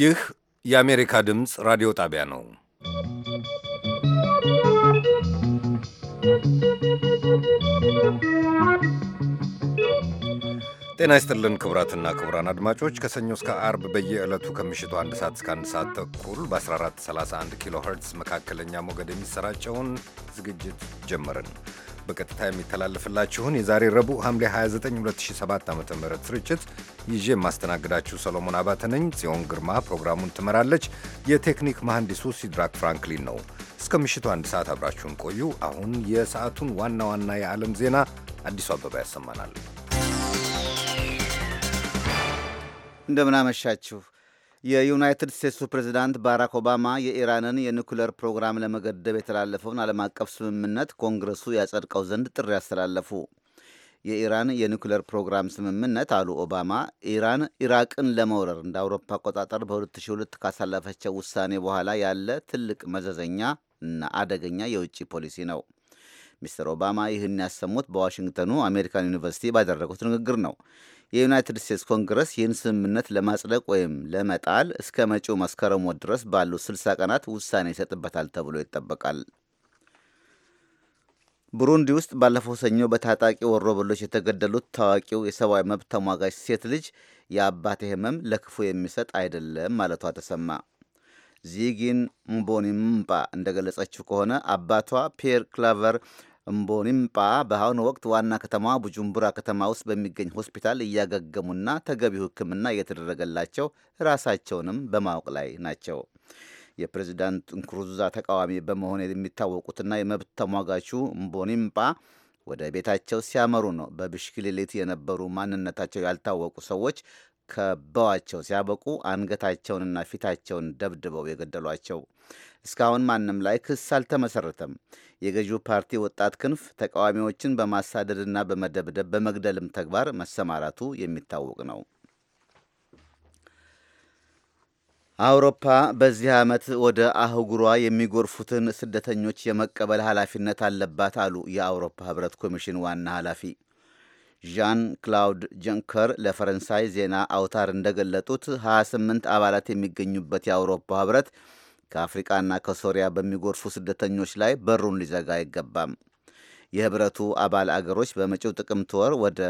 ይህ የአሜሪካ ድምፅ ራዲዮ ጣቢያ ነው። ጤና ይስጥልን ክቡራትና ክቡራን አድማጮች ከሰኞ እስከ አርብ በየዕለቱ ከምሽቱ አንድ ሰዓት እስከ አንድ ሰዓት ተኩል በ1431 ኪሎ ኸርትዝ መካከለኛ ሞገድ የሚሰራጨውን ዝግጅት ጀመርን። በቀጥታ የሚተላለፍላችሁን የዛሬ ረቡዕ ሐምሌ 29 2007 ዓ ም ስርጭት ይዤ የማስተናግዳችሁ ሰሎሞን አባተ ነኝ። ጽዮን ግርማ ፕሮግራሙን ትመራለች። የቴክኒክ መሐንዲሱ ሲድራክ ፍራንክሊን ነው። እስከ ምሽቱ አንድ ሰዓት አብራችሁን ቆዩ። አሁን የሰዓቱን ዋና ዋና የዓለም ዜና አዲሱ አበባ ያሰማናል። እንደምናመሻችሁ የዩናይትድ ስቴትሱ ፕሬዚዳንት ባራክ ኦባማ የኢራንን የኒኩሌር ፕሮግራም ለመገደብ የተላለፈውን ዓለም አቀፍ ስምምነት ኮንግረሱ ያጸድቀው ዘንድ ጥሪ አስተላለፉ። የኢራን የኒኩሌር ፕሮግራም ስምምነት አሉ ኦባማ ኢራን ኢራቅን ለመውረር እንደ አውሮፓ አቆጣጠር በ2002 ካሳለፈቸው ውሳኔ በኋላ ያለ ትልቅ መዘዘኛ እና አደገኛ የውጭ ፖሊሲ ነው። ሚስተር ኦባማ ይህን ያሰሙት በዋሽንግተኑ አሜሪካን ዩኒቨርሲቲ ባደረጉት ንግግር ነው። የዩናይትድ ስቴትስ ኮንግረስ ይህን ስምምነት ለማጽደቅ ወይም ለመጣል እስከ መጪው መስከረሞ ድረስ ባሉት 60 ቀናት ውሳኔ ይሰጥበታል ተብሎ ይጠበቃል። ቡሩንዲ ውስጥ ባለፈው ሰኞ በታጣቂ ወሮበሎች የተገደሉት ታዋቂው የሰብአዊ መብት ተሟጋች ሴት ልጅ የአባቴ ህመም ለክፉ የሚሰጥ አይደለም ማለቷ ተሰማ። ዚጊን ምቦኒምጳ እንደገለጸችው ከሆነ አባቷ ፒየር ክላቨር ምቦኒምጳ በአሁኑ ወቅት ዋና ከተማዋ ቡጁምቡራ ከተማ ውስጥ በሚገኝ ሆስፒታል እያገገሙና ተገቢው ሕክምና እየተደረገላቸው ራሳቸውንም በማወቅ ላይ ናቸው። የፕሬዚዳንት ንኩሩንዚዛ ተቃዋሚ በመሆን የሚታወቁትና የመብት ተሟጋቹ ምቦኒምፓ ወደ ቤታቸው ሲያመሩ ነው በብሽክሌት የነበሩ ማንነታቸው ያልታወቁ ሰዎች ከበዋቸው ሲያበቁ አንገታቸውንና ፊታቸውን ደብድበው የገደሏቸው። እስካሁን ማንም ላይ ክስ አልተመሰረተም። የገዢው ፓርቲ ወጣት ክንፍ ተቃዋሚዎችን በማሳደድና በመደብደብ በመግደልም ተግባር መሰማራቱ የሚታወቅ ነው። አውሮፓ በዚህ ዓመት ወደ አህጉሯ የሚጎርፉትን ስደተኞች የመቀበል ኃላፊነት አለባት አሉ የአውሮፓ ህብረት ኮሚሽን ዋና ኃላፊ ዣን ክላውድ ጀንከር ለፈረንሳይ ዜና አውታር እንደገለጡት 28 አባላት የሚገኙበት የአውሮፓ ህብረት ከአፍሪቃና ከሶሪያ በሚጎርፉ ስደተኞች ላይ በሩን ሊዘጋ አይገባም። የህብረቱ አባል አገሮች በመጪው ጥቅምት ወር ወደ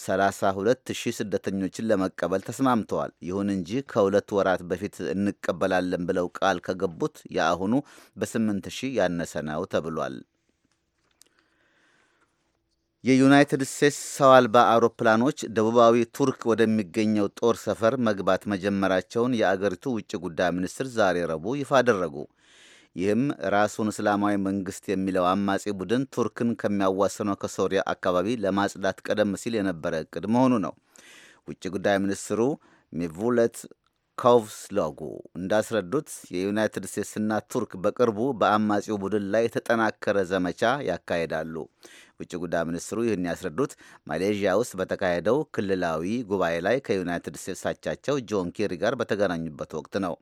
32 ሺህ ስደተኞችን ለመቀበል ተስማምተዋል። ይሁን እንጂ ከሁለት ወራት በፊት እንቀበላለን ብለው ቃል ከገቡት የአሁኑ በ8 ሺህ ያነሰ ነው ተብሏል። የዩናይትድ ስቴትስ ሰው አልባ አውሮፕላኖች ደቡባዊ ቱርክ ወደሚገኘው ጦር ሰፈር መግባት መጀመራቸውን የአገሪቱ ውጭ ጉዳይ ሚኒስትር ዛሬ ረቡዕ ይፋ አደረጉ። ይህም ራሱን እስላማዊ መንግስት የሚለው አማጺ ቡድን ቱርክን ከሚያዋስነው ከሶሪያ አካባቢ ለማጽዳት ቀደም ሲል የነበረ እቅድ መሆኑ ነው። ውጭ ጉዳይ ሚኒስትሩ ሚቩለት ካውቭስሎጉ እንዳስረዱት የዩናይትድ ስቴትስና ቱርክ በቅርቡ በአማጺው ቡድን ላይ የተጠናከረ ዘመቻ ያካሄዳሉ። ውጭ ጉዳይ ሚኒስትሩ ይህን ያስረዱት ማሌዥያ ውስጥ በተካሄደው ክልላዊ ጉባኤ ላይ ከዩናይትድ ስቴትስ አቻቸው ጆን ኬሪ ጋር በተገናኙበት ወቅት ነው።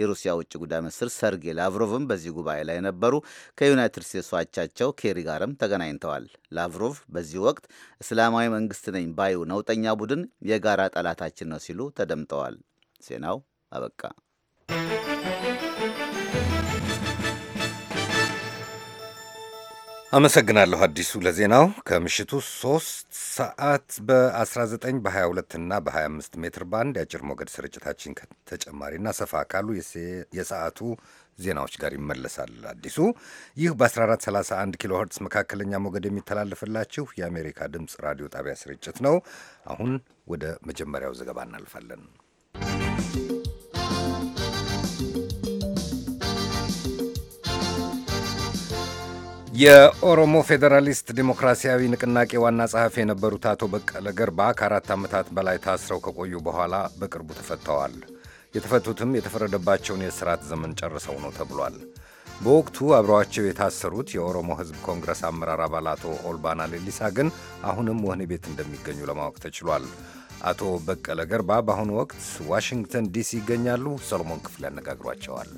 የሩሲያ ውጭ ጉዳይ ሚኒስትር ሰርጌይ ላቭሮቭም በዚህ ጉባኤ ላይ ነበሩ። ከዩናይትድ ስቴትስ አቻቸው ኬሪ ጋርም ተገናኝተዋል። ላቭሮቭ በዚህ ወቅት እስላማዊ መንግስት ነኝ ባዩ ነውጠኛ ቡድን የጋራ ጠላታችን ነው ሲሉ ተደምጠዋል። ዜናው አበቃ። አመሰግናለሁ አዲሱ ለዜናው። ከምሽቱ 3 ሰዓት በ19 በ22 እና በ25 ሜትር ባንድ የአጭር ሞገድ ስርጭታችን ተጨማሪና ሰፋ ካሉ የሰዓቱ ዜናዎች ጋር ይመለሳል። አዲሱ ይህ በ1431 ኪሎ ኸርትዝ መካከለኛ ሞገድ የሚተላለፍላችሁ የአሜሪካ ድምፅ ራዲዮ ጣቢያ ስርጭት ነው። አሁን ወደ መጀመሪያው ዘገባ እናልፋለን። የኦሮሞ ፌዴራሊስት ዲሞክራሲያዊ ንቅናቄ ዋና ጸሐፊ የነበሩት አቶ በቀለ ገርባ ከአራት ዓመታት በላይ ታስረው ከቆዩ በኋላ በቅርቡ ተፈተዋል። የተፈቱትም የተፈረደባቸውን የእስራት ዘመን ጨርሰው ነው ተብሏል። በወቅቱ አብረዋቸው የታሰሩት የኦሮሞ ሕዝብ ኮንግረስ አመራር አባል አቶ ኦልባና ሌሊሳ ግን አሁንም ወህኒ ቤት እንደሚገኙ ለማወቅ ተችሏል። አቶ በቀለ ገርባ በአሁኑ ወቅት ዋሽንግተን ዲሲ ይገኛሉ። ሰሎሞን ክፍሌ ያነጋግሯቸዋል።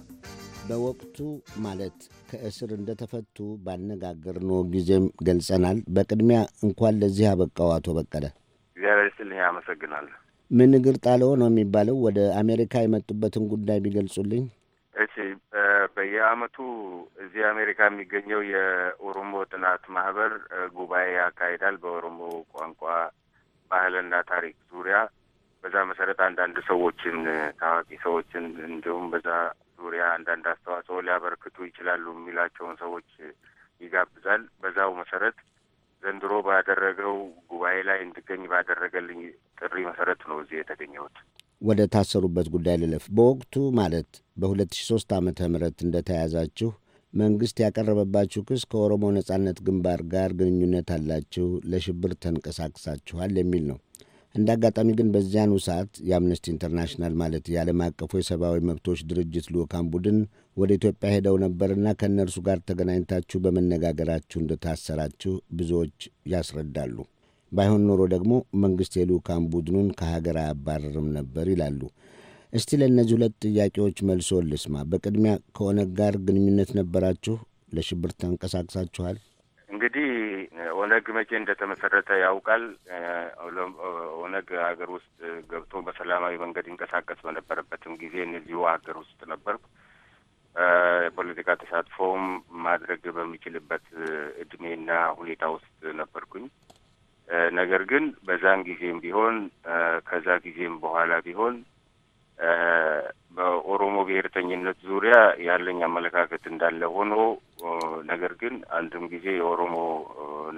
በወቅቱ ማለት ከእስር እንደተፈቱ ባነጋገርነው ጊዜም ገልጸናል። በቅድሚያ እንኳን ለዚህ አበቃው አቶ በቀለ እግዚአብሔር ይስጥልኝ። አመሰግናለሁ። ምን እግር ጣለው ነው የሚባለው? ወደ አሜሪካ የመጡበትን ጉዳይ ቢገልጹልኝ። እሺ፣ በየአመቱ እዚህ አሜሪካ የሚገኘው የኦሮሞ ጥናት ማህበር ጉባኤ ያካሂዳል በኦሮሞ ቋንቋ ባህልና ታሪክ ዙሪያ። በዛ መሰረት አንዳንድ ሰዎችን ታዋቂ ሰዎችን እንዲሁም በዛ ዙሪያ አንዳንድ አስተዋጽኦ ሊያበረክቱ ይችላሉ የሚላቸውን ሰዎች ይጋብዛል። በዛው መሰረት ዘንድሮ ባደረገው ጉባኤ ላይ እንድገኝ ባደረገልኝ ጥሪ መሰረት ነው እዚህ የተገኘሁት። ወደ ታሰሩበት ጉዳይ ልለፍ። በወቅቱ ማለት በ2003 ዓመተ ምህረት እንደተያዛችሁ መንግስት ያቀረበባችሁ ክስ ከኦሮሞ ነጻነት ግንባር ጋር ግንኙነት አላችሁ፣ ለሽብር ተንቀሳቅሳችኋል የሚል ነው። እንደ አጋጣሚ ግን በዚያኑ ሰዓት የአምነስቲ ኢንተርናሽናል ማለት የዓለም አቀፉ የሰብአዊ መብቶች ድርጅት ልዑካን ቡድን ወደ ኢትዮጵያ ሄደው ነበርና ከእነርሱ ጋር ተገናኝታችሁ በመነጋገራችሁ እንደታሰራችሁ ብዙዎች ያስረዳሉ። ባይሆን ኖሮ ደግሞ መንግሥት የልዑካን ቡድኑን ከሀገር አያባረርም ነበር ይላሉ። እስቲ ለእነዚህ ሁለት ጥያቄዎች መልሶ ልስማ። በቅድሚያ ከኦነግ ጋር ግንኙነት ነበራችሁ? ለሽብር ተንቀሳቅሳችኋል? እንግዲህ ኦነግ መቼ እንደተመሰረተ ያውቃል። ኦነግ ሀገር ውስጥ ገብቶ በሰላማዊ መንገድ ይንቀሳቀስ በነበረበትም ጊዜ እነዚሁ ሀገር ውስጥ ነበርኩ። የፖለቲካ ተሳትፎም ማድረግ በሚችልበት እድሜና ሁኔታ ውስጥ ነበርኩኝ። ነገር ግን በዛን ጊዜም ቢሆን ከዛ ጊዜም በኋላ ቢሆን በኦሮሞ ብሔርተኝነት ዙሪያ ያለኝ አመለካከት እንዳለ ሆኖ ነገር ግን አንድም ጊዜ የኦሮሞ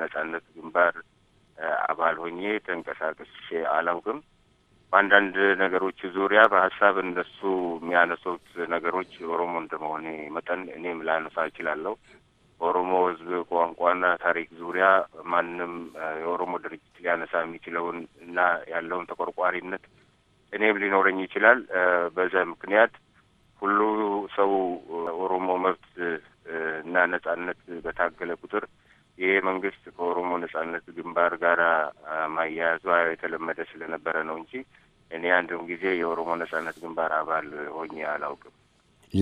ነጻነት ግንባር አባል ሆኜ ተንቀሳቅሼ አላውቅም። በአንዳንድ ነገሮች ዙሪያ በሀሳብ እነሱ የሚያነሱት ነገሮች ኦሮሞ እንደመሆኔ መጠን እኔም ላነሳ እችላለሁ። ኦሮሞ ሕዝብ ቋንቋና ታሪክ ዙሪያ ማንም የኦሮሞ ድርጅት ሊያነሳ የሚችለውን እና ያለውን ተቆርቋሪነት እኔም ሊኖረኝ ይችላል። በዛ ምክንያት ሁሉ ሰው ኦሮሞ መብት እና ነጻነት በታገለ ቁጥር ይሄ መንግስት ከኦሮሞ ነጻነት ግንባር ጋር ማያያዙ የተለመደ ስለነበረ ነው እንጂ እኔ አንድም ጊዜ የኦሮሞ ነጻነት ግንባር አባል ሆኜ አላውቅም።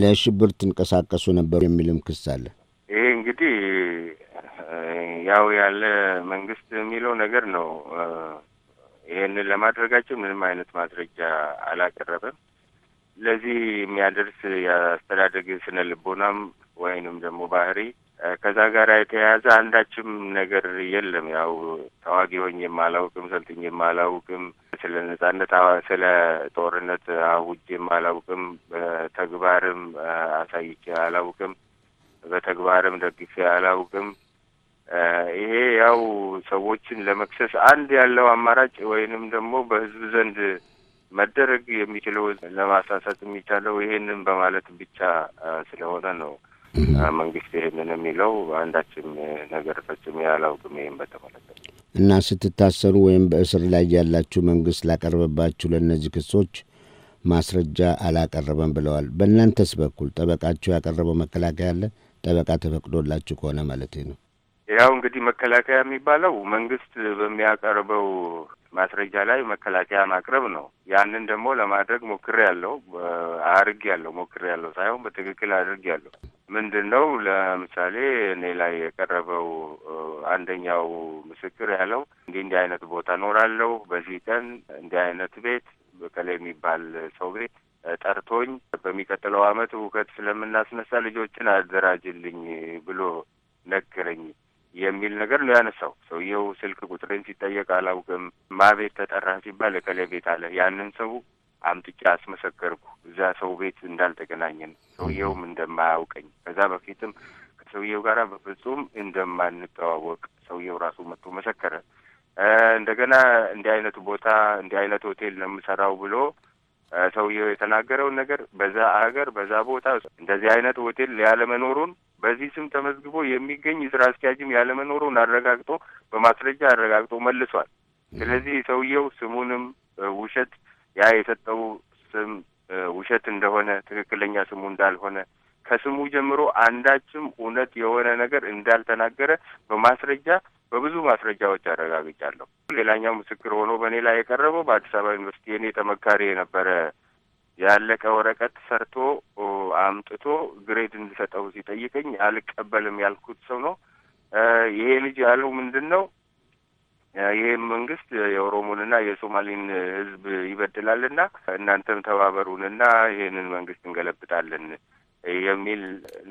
ለሽብር ትንቀሳቀሱ ነበሩ የሚልም ክስ አለ። ይሄ እንግዲህ ያው ያለ መንግስት የሚለው ነገር ነው። ይህንን ለማድረጋቸው ምንም አይነት ማስረጃ አላቀረበም። ለዚህ የሚያደርስ የአስተዳደግ ስነ ልቦናም ወይንም ደግሞ ባህሪ ከዛ ጋር የተያያዘ አንዳችም ነገር የለም። ያው ተዋጊ ሆኜ የማላውቅም፣ ሰልጥኜ የማላውቅም፣ ስለ ነጻነት ስለ ጦርነት አውጄ የማላውቅም፣ በተግባርም አሳይቼ አላውቅም፣ በተግባርም ደግፌ አላውቅም። ይሄ ያው ሰዎችን ለመክሰስ አንድ ያለው አማራጭ ወይንም ደግሞ በህዝብ ዘንድ መደረግ የሚችለው ለማሳሳት የሚቻለው ይሄንን በማለት ብቻ ስለሆነ ነው። መንግስት ይሄንን የሚለው አንዳችም ነገር ፈጽሞ ያላውቅም ይህን በተመለከተ እና ስትታሰሩ ወይም በእስር ላይ ያላችሁ መንግስት ላቀረበባችሁ ለእነዚህ ክሶች ማስረጃ አላቀረበም ብለዋል። በእናንተስ በኩል ጠበቃችሁ ያቀረበው መከላከያ አለ? ጠበቃ ተፈቅዶላችሁ ከሆነ ማለት ነው። ያው እንግዲህ መከላከያ የሚባለው መንግስት በሚያቀርበው ማስረጃ ላይ መከላከያ ማቅረብ ነው። ያንን ደግሞ ለማድረግ ሞክሬ ያለው አድርግ ያለው ሞክሬ ያለው ሳይሆን በትክክል አድርግ ያለው ምንድን ነው? ለምሳሌ እኔ ላይ የቀረበው አንደኛው ምስክር ያለው እንዲህ እንዲህ አይነት ቦታ እኖራለሁ፣ በዚህ ቀን እንዲህ አይነት ቤት በከላይ የሚባል ሰው ቤት ጠርቶኝ በሚቀጥለው አመት ሁከት ስለምናስነሳ ልጆችን አደራጅልኝ ብሎ ነገረኝ። የሚል ነገር ነው ያነሳው። ሰውየው ስልክ ቁጥርን ሲጠየቅ አላውቅም፣ ማቤት ተጠራህ ሲባል እከሌ ቤት አለ። ያንን ሰው አምጥቼ አስመሰከርኩ። እዛ ሰው ቤት እንዳልተገናኘን ሰውየውም እንደማያውቀኝ ከዛ በፊትም ከሰውየው ጋር በፍጹም እንደማንተዋወቅ ሰውየው ራሱ መጥቶ መሰከረ። እንደገና እንዲህ አይነት ቦታ እንዲህ አይነት ሆቴል ነው የምሰራው ብሎ ሰውየው የተናገረውን ነገር በዛ አገር በዛ ቦታ እንደዚህ አይነት ሆቴል ያለመኖሩን በዚህ ስም ተመዝግቦ የሚገኝ ስራ አስኪያጅም ያለመኖሩን አረጋግጦ በማስረጃ አረጋግጦ መልሷል። ስለዚህ ሰውየው ስሙንም ውሸት ያ የሰጠው ስም ውሸት እንደሆነ ትክክለኛ ስሙ እንዳልሆነ ከስሙ ጀምሮ አንዳችም እውነት የሆነ ነገር እንዳልተናገረ በማስረጃ በብዙ ማስረጃዎች አረጋግጫለሁ። ሌላኛው ምስክር ሆኖ በእኔ ላይ የቀረበው በአዲስ አበባ ዩኒቨርሲቲ የኔ ተመካሪ የነበረ ያለቀ ወረቀት ሰርቶ አምጥቶ ግሬድ እንድሰጠው ሲጠይቀኝ አልቀበልም ያልኩት ሰው ነው። ይሄ ልጅ ያለው ምንድን ነው? ይህ መንግስት የኦሮሞንና የሶማሌን ህዝብ ይበድላልና እናንተም ተባበሩንና ይህንን መንግስት እንገለብጣለን የሚል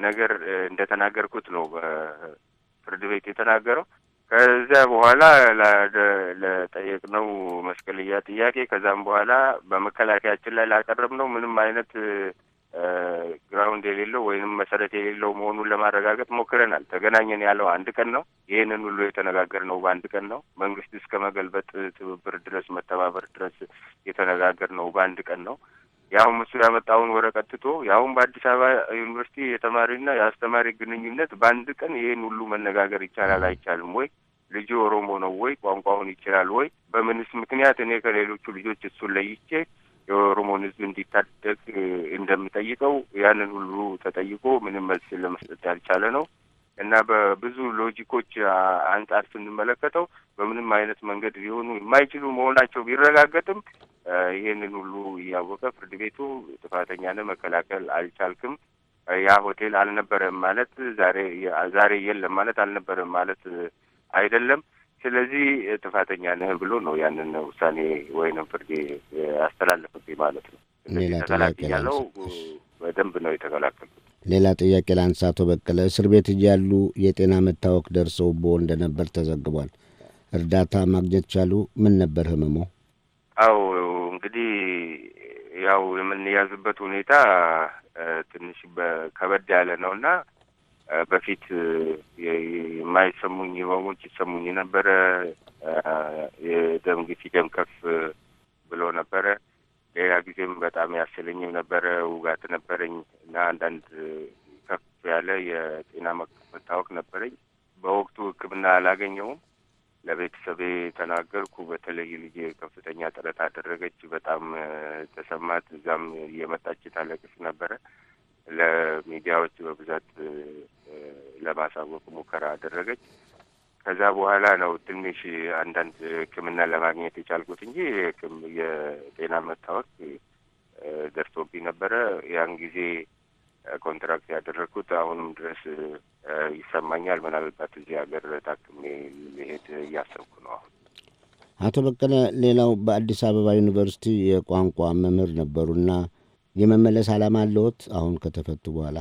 ነገር እንደተናገርኩት ነው በፍርድ ቤት የተናገረው። ከዚያ በኋላ ለጠየቅነው መስቀልያ ጥያቄ ከዛም በኋላ በመከላከያችን ላይ ላቀረብነው ምንም አይነት ግራውንድ የሌለው ወይንም መሰረት የሌለው መሆኑን ለማረጋገጥ ሞክረናል። ተገናኘን ያለው አንድ ቀን ነው። ይህንን ሁሉ የተነጋገርነው በአንድ ቀን ነው። መንግስት እስከ መገልበጥ ትብብር ድረስ መተባበር ድረስ የተነጋገርነው በአንድ ቀን ነው። ያሁም እሱ ያመጣውን ወረቀት ትቶ ያሁም በአዲስ አበባ ዩኒቨርሲቲ የተማሪና የአስተማሪ ግንኙነት በአንድ ቀን ይህን ሁሉ መነጋገር ይቻላል አይቻልም ወይ? ልጅ ኦሮሞ ነው ወይ? ቋንቋውን ይችላል ወይ? በምንስ ምክንያት እኔ ከሌሎቹ ልጆች እሱን ለይቼ የኦሮሞን ህዝብ እንዲታደግ እንደምጠይቀው ያንን ሁሉ ተጠይቆ ምንም መልስ ለመስጠት ያልቻለ ነው እና በብዙ ሎጂኮች አንጻር ስንመለከተው በምንም አይነት መንገድ ሊሆኑ የማይችሉ መሆናቸው ቢረጋገጥም ይህንን ሁሉ እያወቀ ፍርድ ቤቱ ጥፋተኛ መከላከል አልቻልክም፣ ያ ሆቴል አልነበረም ማለት ዛሬ ዛሬ የለም ማለት አልነበረም ማለት አይደለም። ስለዚህ ጥፋተኛ ነህ ብሎ ነው ያንን ውሳኔ ወይንም ፍርድ አስተላለፍብኝ ማለት ነው። ሌላ ጥያቄ ያለው በደንብ ነው የተከላከልኩት። ሌላ ጥያቄ ለአንሳ አቶ በቀለ እስር ቤት እያሉ የጤና መታወክ ደርሰው ቦ እንደነበር ተዘግቧል። እርዳታ ማግኘት ቻሉ? ምን ነበር ህመሞ አው እንግዲህ ያው የምንያዝበት ሁኔታ ትንሽ ከበድ ያለ ነው እና በፊት የማይሰሙኝ ህመሞች ይሰሙኝ ነበረ። የደም ግፊት ደም ከፍ ብሎ ነበረ። ሌላ ጊዜም በጣም ያስለኝም ነበረ። ውጋት ነበረኝ እና አንዳንድ ከፍ ያለ የጤና መታወክ ነበረኝ። በወቅቱ ሕክምና አላገኘውም። ለቤተሰቤ ተናገርኩ። በተለይ ልጄ ከፍተኛ ጥረት አደረገች። በጣም ተሰማት። እዛም እየመጣች ታለቅስ ነበረ። ለሚዲያዎች በብዛት ለማሳወቅ ሙከራ አደረገች። ከዛ በኋላ ነው ትንሽ አንዳንድ ሕክምና ለማግኘት የቻልኩት እንጂ የጤና መታወቅ ደርሶብኝ ነበረ። ያን ጊዜ ኮንትራክት ያደረግኩት አሁንም ድረስ ይሰማኛል። ምናልባት እዚህ ሀገር ታክሜ መሄድ እያሰብኩ ነው አሁን። አቶ በቀለ ሌላው በአዲስ አበባ ዩኒቨርሲቲ የቋንቋ መምህር ነበሩና የመመለስ ዓላማ አለዎት? አሁን ከተፈቱ በኋላ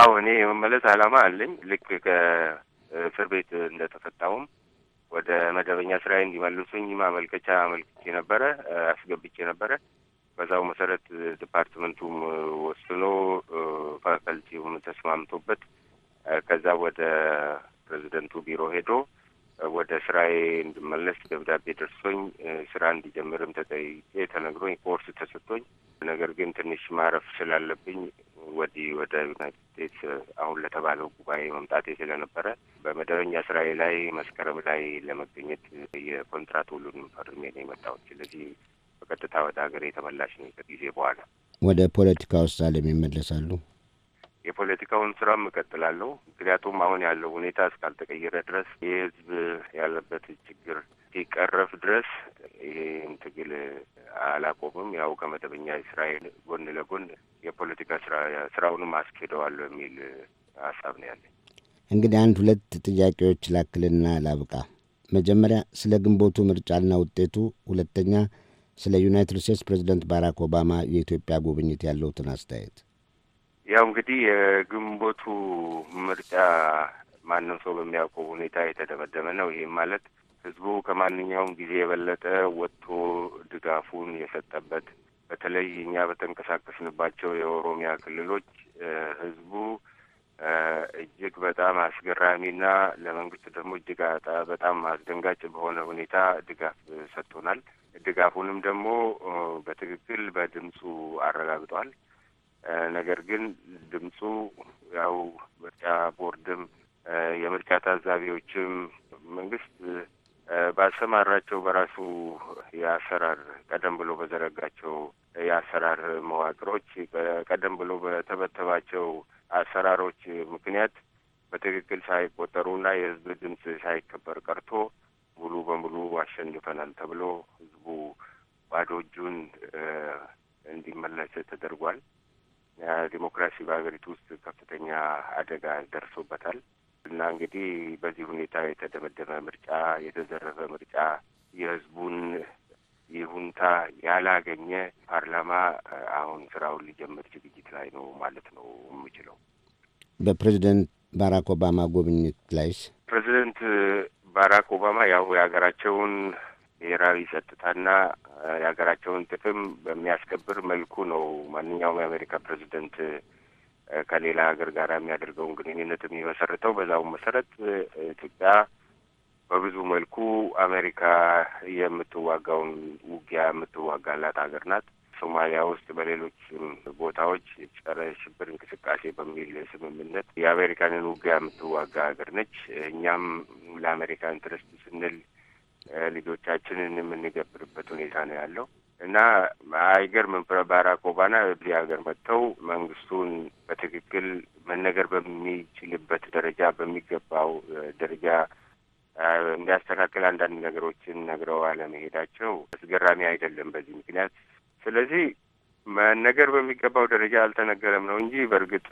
አዎ፣ እኔ የመመለስ ዓላማ አለኝ። ልክ ከእስር ቤት እንደተፈታሁም ወደ መደበኛ ስራ እንዲመልሱኝ ማመልከቻ አመልክቼ ነበረ፣ አስገብቼ ነበረ። በዛው መሰረት ዲፓርትመንቱም ወስኖ ፋካልቲውም ተስማምቶበት ከዛ ወደ ፕሬዚደንቱ ቢሮ ሄዶ ወደ ስራዬ እንድመለስ ደብዳቤ ደርሶኝ ስራ እንዲጀምርም ተጠይቄ ተነግሮኝ ኮርስ ተሰጥቶኝ፣ ነገር ግን ትንሽ ማረፍ ስላለብኝ ወዲህ ወደ ዩናይትድ ስቴትስ አሁን ለተባለው ጉባኤ መምጣቴ ስለነበረ በመደበኛ ስራዬ ላይ መስከረም ላይ ለመገኘት የኮንትራት ሁሉንም ፈርሜ ነው የመጣሁት። ስለዚህ በቀጥታ ወደ ሀገሬ የተመላሽ ነው ከጊዜ በኋላ ወደ ፖለቲካ ውሳሌም ይመለሳሉ። የፖለቲካውን ስራም እቀጥላለሁ። ምክንያቱም አሁን ያለው ሁኔታ እስካልተቀየረ ድረስ የህዝብ ያለበት ችግር ሲቀረፍ ድረስ ይህን ትግል አላቆምም። ያው ከመደበኛ እስራኤል ጎን ለጎን የፖለቲካ ስራ ስራውንም አስኬደዋለሁ የሚል ሀሳብ ነው ያለኝ። እንግዲህ አንድ ሁለት ጥያቄዎች ላክልና ላብቃ። መጀመሪያ ስለ ግንቦቱ ምርጫና ውጤቱ፣ ሁለተኛ ስለ ዩናይትድ ስቴትስ ፕሬዚደንት ባራክ ኦባማ የኢትዮጵያ ጉብኝት ያለውትን አስተያየት ያው እንግዲህ የግንቦቱ ምርጫ ማንም ሰው በሚያውቀው ሁኔታ የተደመደመ ነው። ይህም ማለት ህዝቡ ከማንኛውም ጊዜ የበለጠ ወጥቶ ድጋፉን የሰጠበት በተለይ እኛ በተንቀሳቀስንባቸው የኦሮሚያ ክልሎች ህዝቡ እጅግ በጣም አስገራሚና ለመንግስት ደግሞ እጅግ በጣም አስደንጋጭ በሆነ ሁኔታ ድጋፍ ሰጥቶናል። ድጋፉንም ደግሞ በትክክል በድምፁ አረጋግጧል። ነገር ግን ድምፁ ያው ምርጫ ቦርድም የምርጫ ታዛቢዎችም መንግስት ባሰማራቸው በራሱ የአሰራር ቀደም ብሎ በዘረጋቸው የአሰራር መዋቅሮች ቀደም ብሎ በተበተባቸው አሰራሮች ምክንያት በትክክል ሳይቆጠሩ ና የህዝብ ድምፅ ሳይከበር ቀርቶ ሙሉ በሙሉ አሸንፈናል ተብሎ ህዝቡ ባዶ እጁን እንዲመለስ ተደርጓል። ዲሞክራሲ በሀገሪቱ ውስጥ ከፍተኛ አደጋ ደርሶበታል እና እንግዲህ በዚህ ሁኔታ የተደመደመ ምርጫ፣ የተዘረፈ ምርጫ፣ የህዝቡን ይሁንታ ያላገኘ ፓርላማ አሁን ስራውን ሊጀምር ዝግጅት ላይ ነው ማለት ነው የምችለው። በፕሬዚደንት ባራክ ኦባማ ጉብኝት ላይስ ፕሬዚደንት ባራክ ኦባማ ያው የሀገራቸውን ብሔራዊ ጸጥታና የሀገራቸውን ጥቅም በሚያስከብር መልኩ ነው ማንኛውም የአሜሪካ ፕሬዚደንት ከሌላ ሀገር ጋር የሚያደርገውን ግንኙነት የሚመሰርተው። በዛው መሰረት ኢትዮጵያ በብዙ መልኩ አሜሪካ የምትዋጋውን ውጊያ የምትዋጋላት ሀገር ናት። ሶማሊያ ውስጥ በሌሎች ቦታዎች ጸረ ሽብር እንቅስቃሴ በሚል ስምምነት የአሜሪካንን ውጊያ የምትዋጋ ሀገር ነች። እኛም ለአሜሪካ ኢንትረስት ስንል ልጆቻችንን የምንገብርበት ሁኔታ ነው ያለው እና አይገርምም። ባራክ ኦባማ እዚህ ሀገር መጥተው መንግስቱን በትክክል መነገር በሚችልበት ደረጃ በሚገባው ደረጃ እንዲያስተካክል አንዳንድ ነገሮችን ነግረው አለመሄዳቸው አስገራሚ አይደለም በዚህ ምክንያት። ስለዚህ መነገር በሚገባው ደረጃ አልተነገረም ነው እንጂ በእርግጥ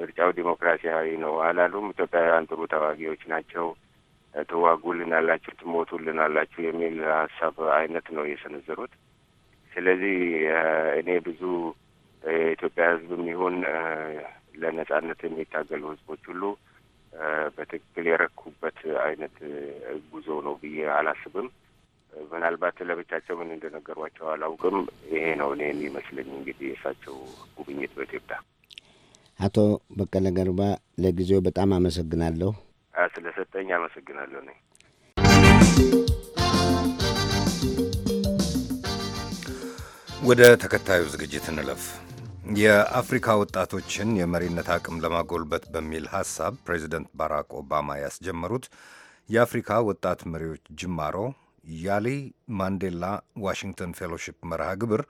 ምርጫው ዲሞክራሲያዊ ነው አላሉም። ኢትዮጵያውያን ጥሩ ተዋጊዎች ናቸው ትዋጉልናላችሁ፣ ትሞቱልናላችሁ የሚል ሀሳብ አይነት ነው የሰነዘሩት። ስለዚህ እኔ ብዙ የኢትዮጵያ ህዝብ ይሁን ለነጻነት የሚታገሉ ህዝቦች ሁሉ በትክክል የረኩበት አይነት ጉዞ ነው ብዬ አላስብም። ምናልባት ለብቻቸው ምን እንደነገሯቸው አላውቅም። ይሄ ነው እኔ የሚመስለኝ እንግዲህ የእሳቸው ጉብኝት በኢትዮጵያ። አቶ በቀለ ገርባ ለጊዜው በጣም አመሰግናለሁ። ስለሰጠኝ አመሰግናለሁ። ነኝ ወደ ተከታዩ ዝግጅት እንለፍ። የአፍሪካ ወጣቶችን የመሪነት አቅም ለማጎልበት በሚል ሐሳብ ፕሬዚደንት ባራክ ኦባማ ያስጀመሩት የአፍሪካ ወጣት መሪዎች ጅማሮ ያሌ ማንዴላ ዋሽንግተን ፌሎሺፕ መርሃ ግብር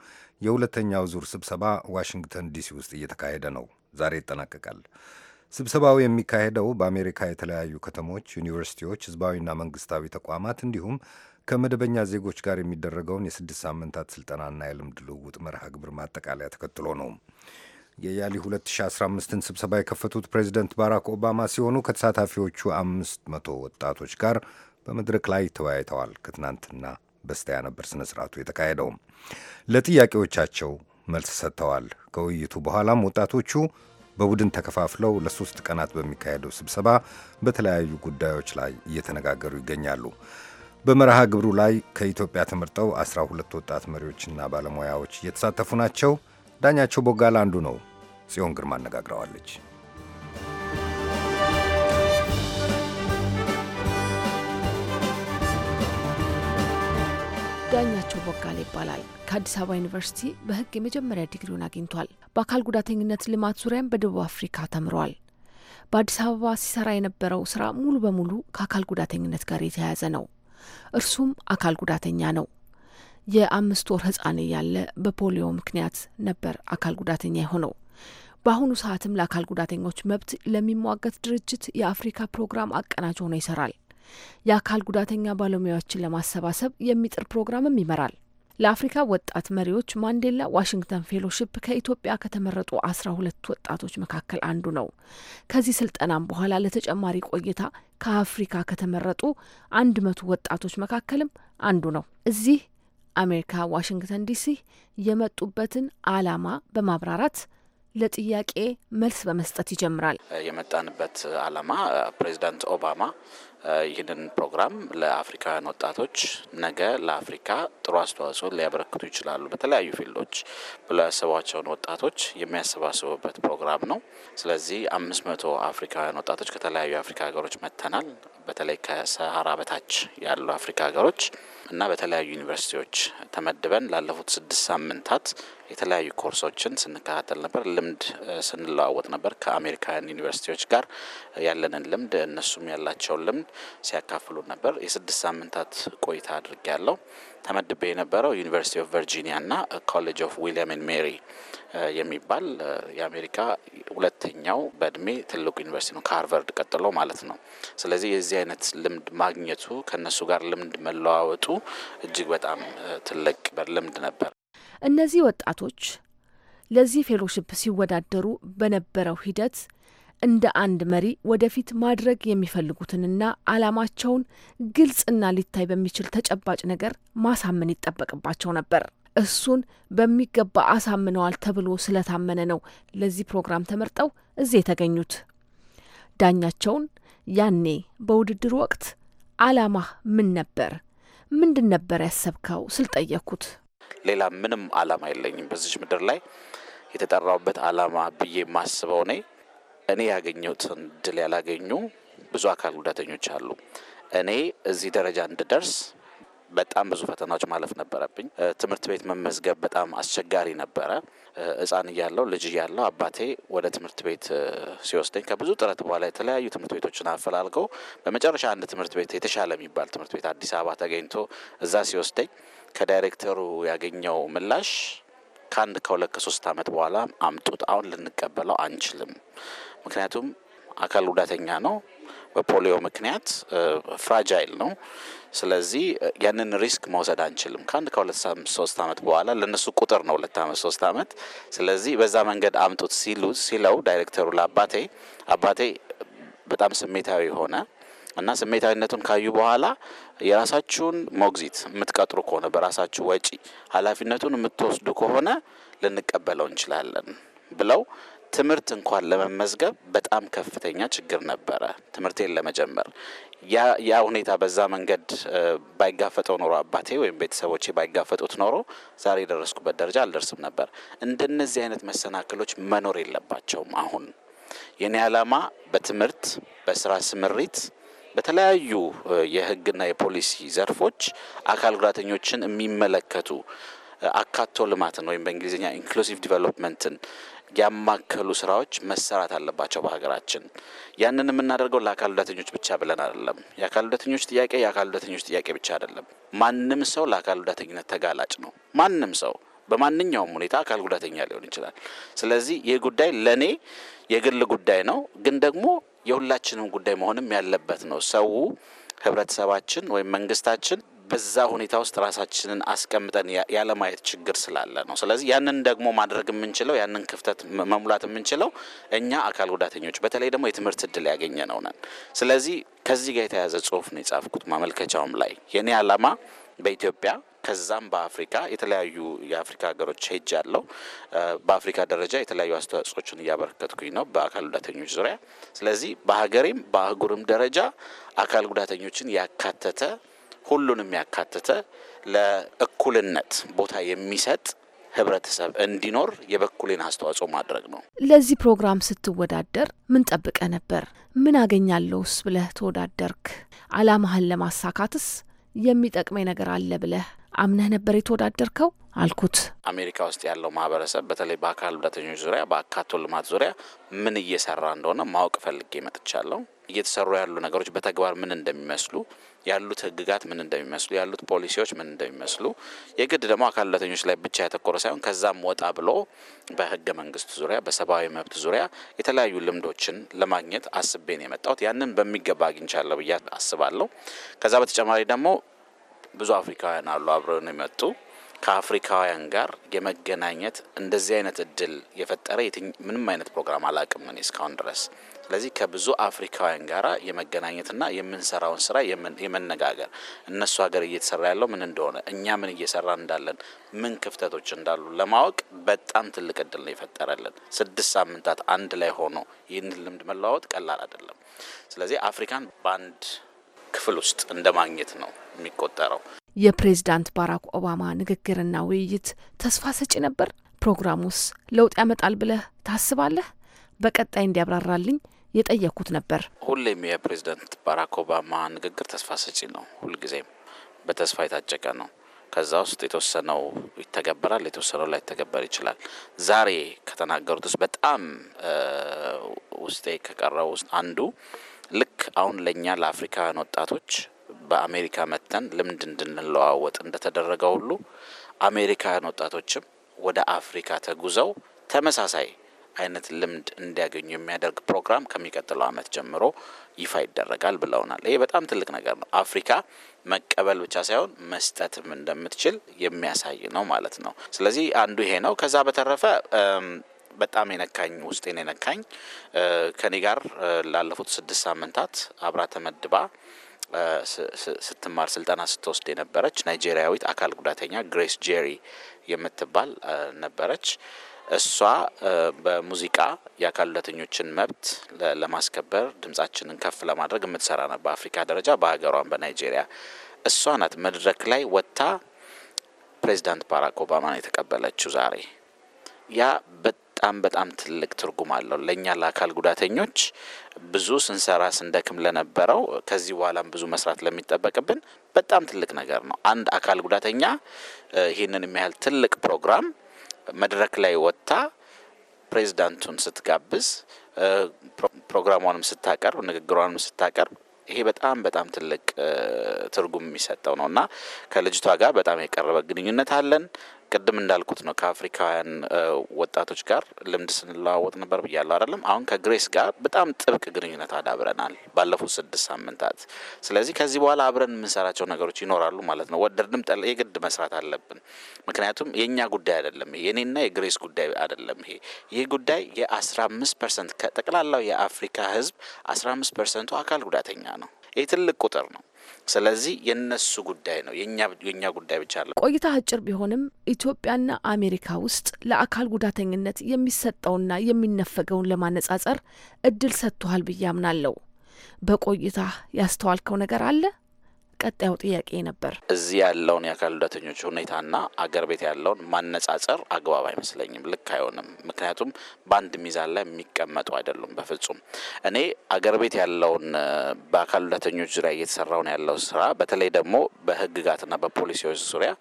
የሁለተኛው ዙር ስብሰባ ዋሽንግተን ዲሲ ውስጥ እየተካሄደ ነው። ዛሬ ይጠናቀቃል። ስብሰባው የሚካሄደው በአሜሪካ የተለያዩ ከተሞች፣ ዩኒቨርሲቲዎች፣ ህዝባዊና መንግስታዊ ተቋማት እንዲሁም ከመደበኛ ዜጎች ጋር የሚደረገውን የስድስት ሳምንታት ስልጠናና የልምድ ልውውጥ መርሃ ግብር ማጠቃለያ ተከትሎ ነው። የያሊ 2015ን ስብሰባ የከፈቱት ፕሬዚደንት ባራክ ኦባማ ሲሆኑ ከተሳታፊዎቹ አምስት መቶ ወጣቶች ጋር በመድረክ ላይ ተወያይተዋል። ከትናንትና በስቲያ ነበር ስነ ስርዓቱ የተካሄደው። ለጥያቄዎቻቸው መልስ ሰጥተዋል። ከውይይቱ በኋላም ወጣቶቹ በቡድን ተከፋፍለው ለሶስት ቀናት በሚካሄደው ስብሰባ በተለያዩ ጉዳዮች ላይ እየተነጋገሩ ይገኛሉ። በመርሃ ግብሩ ላይ ከኢትዮጵያ ተመርጠው አስራ ሁለት ወጣት መሪዎችና ባለሙያዎች እየተሳተፉ ናቸው። ዳኛቸው ቦጋለ አንዱ ነው። ጽዮን ግርማ አነጋግረዋለች። ዳኛቸው ቦጋለ ይባላል። ከአዲስ አበባ ዩኒቨርሲቲ በሕግ የመጀመሪያ ዲግሪውን አግኝቷል። በአካል ጉዳተኝነት ልማት ዙሪያም በደቡብ አፍሪካ ተምሯል። በአዲስ አበባ ሲሰራ የነበረው ስራ ሙሉ በሙሉ ከአካል ጉዳተኝነት ጋር የተያያዘ ነው። እርሱም አካል ጉዳተኛ ነው። የአምስት ወር ህጻን እያለ በፖሊዮ ምክንያት ነበር አካል ጉዳተኛ የሆነው። በአሁኑ ሰዓትም ለአካል ጉዳተኞች መብት ለሚሟገት ድርጅት የአፍሪካ ፕሮግራም አቀናጅ ሆኖ ይሰራል። የአካል ጉዳተኛ ባለሙያዎችን ለማሰባሰብ የሚጥር ፕሮግራምም ይመራል። ለአፍሪካ ወጣት መሪዎች ማንዴላ ዋሽንግተን ፌሎሺፕ ከኢትዮጵያ ከተመረጡ አስራ ሁለት ወጣቶች መካከል አንዱ ነው። ከዚህ ስልጠናም በኋላ ለተጨማሪ ቆይታ ከአፍሪካ ከተመረጡ አንድ መቶ ወጣቶች መካከልም አንዱ ነው። እዚህ አሜሪካ ዋሽንግተን ዲሲ የመጡበትን ዓላማ በማብራራት ለጥያቄ መልስ በመስጠት ይጀምራል። የመጣንበት ዓላማ ፕሬዚዳንት ኦባማ ይህንን ፕሮግራም ለአፍሪካውያን ወጣቶች ነገ ለአፍሪካ ጥሩ አስተዋጽኦ ሊያበረክቱ ይችላሉ በተለያዩ ፊልዶች ብለው ያሰቧቸውን ወጣቶች የሚያሰባስቡበት ፕሮግራም ነው። ስለዚህ አምስት መቶ አፍሪካውያን ወጣቶች ከተለያዩ አፍሪካ ሀገሮች መጥተናል። በተለይ ከሰሃራ በታች ያሉ አፍሪካ ሀገሮች እና በተለያዩ ዩኒቨርሲቲዎች ተመድበን ላለፉት ስድስት ሳምንታት የተለያዩ ኮርሶችን ስንከታተል ነበር። ልምድ ስንለዋወጥ ነበር ከአሜሪካውያን ዩኒቨርሲቲዎች ጋር ያለንን ልምድ፣ እነሱም ያላቸውን ልምድ ሲያካፍሉ ነበር። የስድስት ሳምንታት ቆይታ አድርጌ ያለው ተመድቤ የነበረው ዩኒቨርሲቲ ኦፍ ቨርጂኒያ እና ኮሌጅ ኦፍ ዊሊያም ን ሜሪ የሚባል የአሜሪካ ሁለተኛው በእድሜ ትልቁ ዩኒቨርሲቲ ነው ከሃርቨርድ ቀጥሎ ማለት ነው። ስለዚህ የዚህ አይነት ልምድ ማግኘቱ ከእነሱ ጋር ልምድ መለዋወጡ እጅግ በጣም ትልቅ ልምድ ነበር። እነዚህ ወጣቶች ለዚህ ፌሎሽፕ ሲወዳደሩ በነበረው ሂደት እንደ አንድ መሪ ወደፊት ማድረግ የሚፈልጉትንና አላማቸውን ግልጽና ሊታይ በሚችል ተጨባጭ ነገር ማሳመን ይጠበቅባቸው ነበር። እሱን በሚገባ አሳምነዋል ተብሎ ስለታመነ ነው ለዚህ ፕሮግራም ተመርጠው እዚህ የተገኙት። ዳኛቸውን ያኔ በውድድር ወቅት አላማ ምን ነበር? ምንድን ነበር ያሰብከው? ስል ጠየቅኩት። ሌላ ምንም አላማ የለኝም በዚች ምድር ላይ የተጠራውበት አላማ ብዬ የማስበው እኔ እኔ ያገኘሁትን ድል ያላገኙ ብዙ አካል ጉዳተኞች አሉ። እኔ እዚህ ደረጃ እንድደርስ በጣም ብዙ ፈተናዎች ማለፍ ነበረብኝ። ትምህርት ቤት መመዝገብ በጣም አስቸጋሪ ነበረ። ህፃን እያለው ልጅ እያለው አባቴ ወደ ትምህርት ቤት ሲወስደኝ ከብዙ ጥረት በኋላ የተለያዩ ትምህርት ቤቶችን አፈላልገው በመጨረሻ አንድ ትምህርት ቤት የተሻለ የሚባል ትምህርት ቤት አዲስ አበባ ተገኝቶ እዛ ሲወስደኝ ከዳይሬክተሩ ያገኘው ምላሽ ከአንድ ከሁለት ከሶስት አመት በኋላ አምጡት፣ አሁን ልንቀበለው አንችልም ምክንያቱም አካል ጉዳተኛ ነው፣ በፖሊዮ ምክንያት ፍራጃይል ነው። ስለዚህ ያንን ሪስክ መውሰድ አንችልም። ከአንድ ከሁለት ሶስት ዓመት በኋላ ለእነሱ ቁጥር ነው ሁለት ዓመት ሶስት ዓመት። ስለዚህ በዛ መንገድ አምጡት ሲሉ ሲለው ዳይሬክተሩ ለአባቴ አባቴ በጣም ስሜታዊ ሆነ እና ስሜታዊነቱን ካዩ በኋላ የራሳችሁን ሞግዚት የምትቀጥሩ ከሆነ በራሳችሁ ወጪ ኃላፊነቱን የምትወስዱ ከሆነ ልንቀበለው እንችላለን ብለው ትምህርት እንኳን ለመመዝገብ በጣም ከፍተኛ ችግር ነበረ፣ ትምህርቴን ለመጀመር። ያ ሁኔታ በዛ መንገድ ባይጋፈጠው ኖሮ አባቴ ወይም ቤተሰቦቼ ባይጋፈጡት ኖሮ ዛሬ የደረስኩበት ደረጃ አልደርስም ነበር። እንደነዚህ አይነት መሰናክሎች መኖር የለባቸውም። አሁን የኔ ዓላማ በትምህርት በስራ ስምሪት በተለያዩ የህግና የፖሊሲ ዘርፎች አካል ጉዳተኞችን የሚመለከቱ አካቶ ልማትን ወይም በእንግሊዝኛ ኢንክሉሲቭ ዲቨሎፕመንትን ያማከሉ ስራዎች መሰራት አለባቸው በሀገራችን። ያንን የምናደርገው ለአካል ጉዳተኞች ብቻ ብለን አይደለም። የአካል ጉዳተኞች ጥያቄ የአካል ጉዳተኞች ጥያቄ ብቻ አይደለም። ማንም ሰው ለአካል ጉዳተኝነት ተጋላጭ ነው። ማንም ሰው በማንኛውም ሁኔታ አካል ጉዳተኛ ሊሆን ይችላል። ስለዚህ ይህ ጉዳይ ለእኔ የግል ጉዳይ ነው፣ ግን ደግሞ የሁላችንም ጉዳይ መሆንም ያለበት ነው። ሰው ህብረተሰባችን ወይም መንግስታችን በዛ ሁኔታ ውስጥ ራሳችንን አስቀምጠን ያለማየት ችግር ስላለ ነው። ስለዚህ ያንን ደግሞ ማድረግ የምንችለው ያንን ክፍተት መሙላት የምንችለው እኛ አካል ጉዳተኞች በተለይ ደግሞ የትምህርት እድል ያገኘ ነው ነን። ስለዚህ ከዚህ ጋር የተያዘ ጽሁፍ ነው የጻፍኩት። ማመልከቻውም ላይ የኔ አላማ በኢትዮጵያ ከዛም በአፍሪካ የተለያዩ የአፍሪካ ሀገሮች ሄጅ ያለው በአፍሪካ ደረጃ የተለያዩ አስተዋጽኦችን እያበረከትኩኝ ነው በአካል ጉዳተኞች ዙሪያ። ስለዚህ በሀገሬም በአህጉርም ደረጃ አካል ጉዳተኞችን ያካተተ ሁሉንም ያካተተ ለእኩልነት ቦታ የሚሰጥ ህብረተሰብ እንዲኖር የበኩሌን አስተዋጽኦ ማድረግ ነው። ለዚህ ፕሮግራም ስትወዳደር ምን ጠብቀ ነበር? ምን አገኛለሁስ ብለህ ተወዳደርክ? አላማህን ለማሳካትስ የሚጠቅመኝ ነገር አለ ብለህ አምነህ ነበር የተወዳደርከው? አልኩት። አሜሪካ ውስጥ ያለው ማህበረሰብ በተለይ በአካል ጉዳተኞች ዙሪያ፣ በአካቶ ልማት ዙሪያ ምን እየሰራ እንደሆነ ማወቅ ፈልጌ መጥቻለሁ። እየተሰሩ ያሉ ነገሮች በተግባር ምን እንደሚመስሉ ያሉት ህግጋት ምን እንደሚመስሉ፣ ያሉት ፖሊሲዎች ምን እንደሚመስሉ የግድ ደግሞ አካል ጉዳተኞች ላይ ብቻ ያተኮረ ሳይሆን ከዛም ወጣ ብሎ በህገ መንግስት ዙሪያ በሰብአዊ መብት ዙሪያ የተለያዩ ልምዶችን ለማግኘት አስቤን የመጣሁት። ያንን በሚገባ አግኝቻለሁ ብዬ አስባለሁ። ከዛ በተጨማሪ ደግሞ ብዙ አፍሪካውያን አሉ አብረን የመጡ ከአፍሪካውያን ጋር የመገናኘት እንደዚህ አይነት እድል የፈጠረ ምንም አይነት ፕሮግራም አላቅም እኔ እስካሁን ድረስ ስለዚህ ከብዙ አፍሪካውያን ጋር የመገናኘትና የምንሰራውን ስራ የመነጋገር እነሱ ሀገር እየተሰራ ያለው ምን እንደሆነ እኛ ምን እየሰራ እንዳለን ምን ክፍተቶች እንዳሉ ለማወቅ በጣም ትልቅ እድል ነው የፈጠረልን። ስድስት ሳምንታት አንድ ላይ ሆኖ ይህንን ልምድ መለዋወጥ ቀላል አይደለም። ስለዚህ አፍሪካን በአንድ ክፍል ውስጥ እንደ ማግኘት ነው የሚቆጠረው። የፕሬዝዳንት ባራክ ኦባማ ንግግርና ውይይት ተስፋ ሰጪ ነበር። ፕሮግራሙስ ለውጥ ያመጣል ብለህ ታስባለህ? በቀጣይ እንዲያብራራልኝ የጠየኩት ነበር። ሁሌም የፕሬዚደንት ባራክ ኦባማ ንግግር ተስፋ ሰጪ ነው። ሁልጊዜም በተስፋ የታጨቀ ነው። ከዛ ውስጥ የተወሰነው ይተገበራል፣ የተወሰነው ላይ ይተገበር ይችላል። ዛሬ ከተናገሩት ውስጥ በጣም ውስጤ ከቀረው ውስጥ አንዱ ልክ አሁን ለእኛ ለአፍሪካውያን ወጣቶች በአሜሪካ መጥተን ልምድ እንድንለዋወጥ እንደተደረገ ሁሉ አሜሪካውያን ወጣቶችም ወደ አፍሪካ ተጉዘው ተመሳሳይ አይነት ልምድ እንዲያገኙ የሚያደርግ ፕሮግራም ከሚቀጥለው ዓመት ጀምሮ ይፋ ይደረጋል ብለውናል። ይሄ በጣም ትልቅ ነገር ነው። አፍሪካ መቀበል ብቻ ሳይሆን መስጠትም እንደምትችል የሚያሳይ ነው ማለት ነው። ስለዚህ አንዱ ይሄ ነው። ከዛ በተረፈ በጣም የነካኝ ውስጤን የነካኝ ከኔ ጋር ላለፉት ስድስት ሳምንታት አብራ ተመድባ ስትማር ስልጠና ስትወስድ የነበረች ናይጄሪያዊት አካል ጉዳተኛ ግሬስ ጄሪ የምትባል ነበረች። እሷ በሙዚቃ የአካል ጉዳተኞችን መብት ለማስከበር ድምጻችንን ከፍ ለማድረግ የምትሰራ ነው። በአፍሪካ ደረጃ በሀገሯን በናይጄሪያ እሷ ናት መድረክ ላይ ወጥታ ፕሬዚዳንት ባራክ ኦባማን የተቀበለችው ዛሬ። ያ በጣም በጣም ትልቅ ትርጉም አለው ለእኛ ለአካል ጉዳተኞች ብዙ ስንሰራ ስንደክም ለነበረው ከዚህ በኋላም ብዙ መስራት ለሚጠበቅብን በጣም ትልቅ ነገር ነው። አንድ አካል ጉዳተኛ ይህንን የሚያህል ትልቅ ፕሮግራም መድረክ ላይ ወጥታ ፕሬዚዳንቱን ስትጋብዝ ፕሮግራሟንም ስታቀርብ ንግግሯንም ስታቀርብ ይሄ በጣም በጣም ትልቅ ትርጉም የሚሰጠው ነው እና ከልጅቷ ጋር በጣም የቀረበ ግንኙነት አለን። ቅድም እንዳልኩት ነው ከአፍሪካውያን ወጣቶች ጋር ልምድ ስንለዋወጥ ነበር ብያለሁ አይደለም። አሁን ከግሬስ ጋር በጣም ጥብቅ ግንኙነት አዳብረናል ባለፉት ስድስት ሳምንታት። ስለዚህ ከዚህ በኋላ አብረን የምንሰራቸው ነገሮች ይኖራሉ ማለት ነው። ወደድንም ጠላ የግድ መስራት አለብን። ምክንያቱም የእኛ ጉዳይ አይደለም ይሄ፣ የኔና የግሬስ ጉዳይ አይደለም ይሄ። ይህ ጉዳይ የ15 ፐርሰንት ከጠቅላላው የአፍሪካ ህዝብ 15 ፐርሰንቱ አካል ጉዳተኛ ነው። ይህ ትልቅ ቁጥር ነው። ስለዚህ የነሱ ጉዳይ ነው፣ የእኛ ጉዳይ ብቻ አለ። ቆይታ አጭር ቢሆንም ኢትዮጵያና አሜሪካ ውስጥ ለአካል ጉዳተኝነት የሚሰጠውና የሚነፈገውን ለማነጻጸር እድል ሰጥቷል ብዬ አምናለሁ። በቆይታ ያስተዋልከው ነገር አለ? ቀጣዩ ጥያቄ ነበር። እዚህ ያለውን የአካል ጉዳተኞች ሁኔታና አገር ቤት ያለውን ማነጻጸር አግባብ አይመስለኝም፣ ልክ አይሆንም። ምክንያቱም በአንድ ሚዛን ላይ የሚቀመጡ አይደሉም በፍጹም። እኔ አገር ቤት ያለውን በአካል ጉዳተኞች ዙሪያ እየተሰራውን ያለው ስራ በተለይ ደግሞ በህግጋትና በፖሊሲዎች ዙሪያ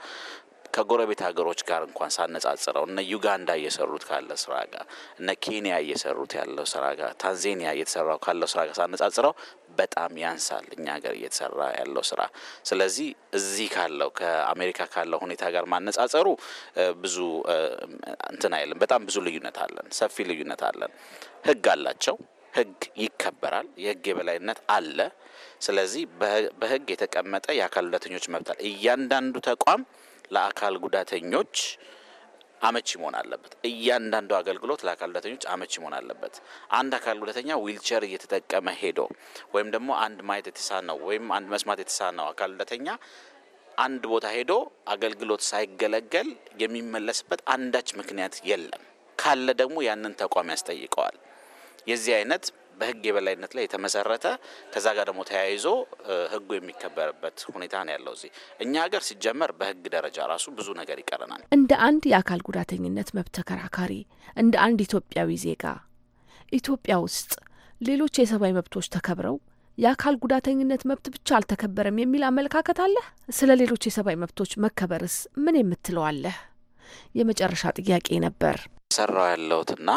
ከጎረቤት ሀገሮች ጋር እንኳን ሳነጻጽረው እነ ዩጋንዳ እየሰሩት ካለ ስራ ጋር እነ ኬንያ እየሰሩት ያለው ስራ ጋር ታንዜኒያ እየተሰራው ካለው ስራ ጋር ሳነጻጽረው በጣም ያንሳል እኛ ሀገር እየተሰራ ያለው ስራ። ስለዚህ እዚህ ካለው ከአሜሪካ ካለው ሁኔታ ጋር ማነጻጸሩ ብዙ እንትን አይልም። በጣም ብዙ ልዩነት አለን፣ ሰፊ ልዩነት አለን። ህግ አላቸው። ህግ ይከበራል። የህግ የበላይነት አለ። ስለዚህ በህግ የተቀመጠ የአካል ጉዳተኞች መብታል እያንዳንዱ ተቋም ለአካል ጉዳተኞች አመቺ መሆን አለበት። እያንዳንዱ አገልግሎት ለአካል ጉዳተኞች አመቺ መሆን አለበት። አንድ አካል ጉዳተኛ ዊልቸር እየተጠቀመ ሄዶ ወይም ደግሞ አንድ ማየት የተሳነው ወይም አንድ መስማት የተሳነው አካል ጉዳተኛ አንድ ቦታ ሄዶ አገልግሎት ሳይገለገል የሚመለስበት አንዳች ምክንያት የለም። ካለ ደግሞ ያንን ተቋም ያስጠይቀዋል። የዚህ አይነት በህግ የበላይነት ላይ የተመሰረተ ከዛ ጋር ደግሞ ተያይዞ ህጉ የሚከበርበት ሁኔታ ነው ያለው። እዚህ እኛ ሀገር ሲጀመር በህግ ደረጃ ራሱ ብዙ ነገር ይቀረናል። እንደ አንድ የአካል ጉዳተኝነት መብት ተከራካሪ፣ እንደ አንድ ኢትዮጵያዊ ዜጋ ኢትዮጵያ ውስጥ ሌሎች የሰብአዊ መብቶች ተከብረው የአካል ጉዳተኝነት መብት ብቻ አልተከበረም የሚል አመለካከት አለህ? ስለ ሌሎች የሰብአዊ መብቶች መከበርስ ምን የምትለው አለህ? የመጨረሻ ጥያቄ ነበር ሰራው ያለሁትና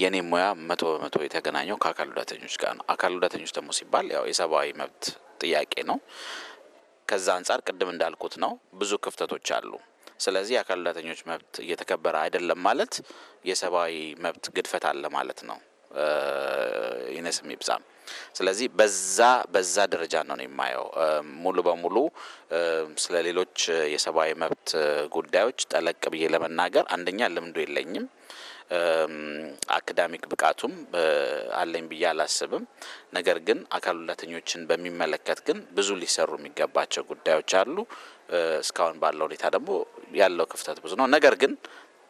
የኔ ሙያ መቶ በመቶ የተገናኘው ከአካል ጉዳተኞች ጋር ነው። አካል ጉዳተኞች ደግሞ ሲባል ያው የሰብአዊ መብት ጥያቄ ነው። ከዛ አንጻር ቅድም እንዳልኩት ነው ብዙ ክፍተቶች አሉ። ስለዚህ የአካል ጉዳተኞች መብት እየተከበረ አይደለም ማለት የሰብአዊ መብት ግድፈት አለ ማለት ነው ይነስም ይብዛም። ስለዚህ በዛ በዛ ደረጃ ነው የማየው። ሙሉ በሙሉ ስለ ሌሎች የሰብአዊ መብት ጉዳዮች ጠለቅ ብዬ ለመናገር አንደኛ ልምዱ የለኝም። አካዳሚክ ብቃቱም አለኝ ብዬ አላስብም። ነገር ግን አካል ጉዳተኞችን በሚመለከት ግን ብዙ ሊሰሩ የሚገባቸው ጉዳዮች አሉ። እስካሁን ባለው ሁኔታ ደግሞ ያለው ክፍተት ብዙ ነው። ነገር ግን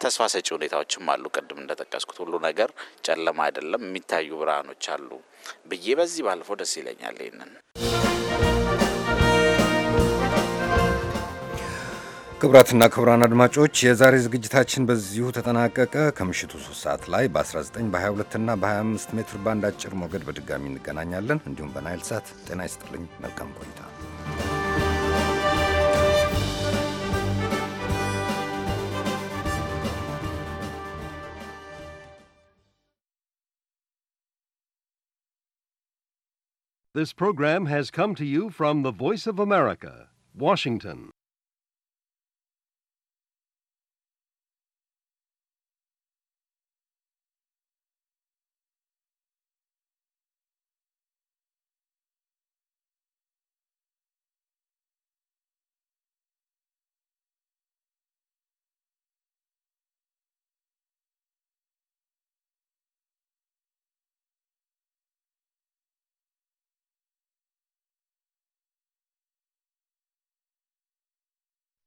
ተስፋ ሰጪ ሁኔታዎችም አሉ። ቅድም እንደጠቀስኩት ሁሉ ነገር ጨለማ አይደለም፣ የሚታዩ ብርሃኖች አሉ ብዬ በዚህ ባልፎ ደስ ይለኛል ይህንን ክቡራትና ክቡራን አድማጮች የዛሬ ዝግጅታችን በዚሁ ተጠናቀቀ። ከምሽቱ 3 ሰዓት ላይ በ19 በ22 እና በ25 ሜትር ባንድ አጭር ሞገድ በድጋሚ እንገናኛለን። እንዲሁም በናይል ሳት ጤና ይስጥልኝ። መልካም ቆይታ። This program has come to you from the Voice of America, Washington.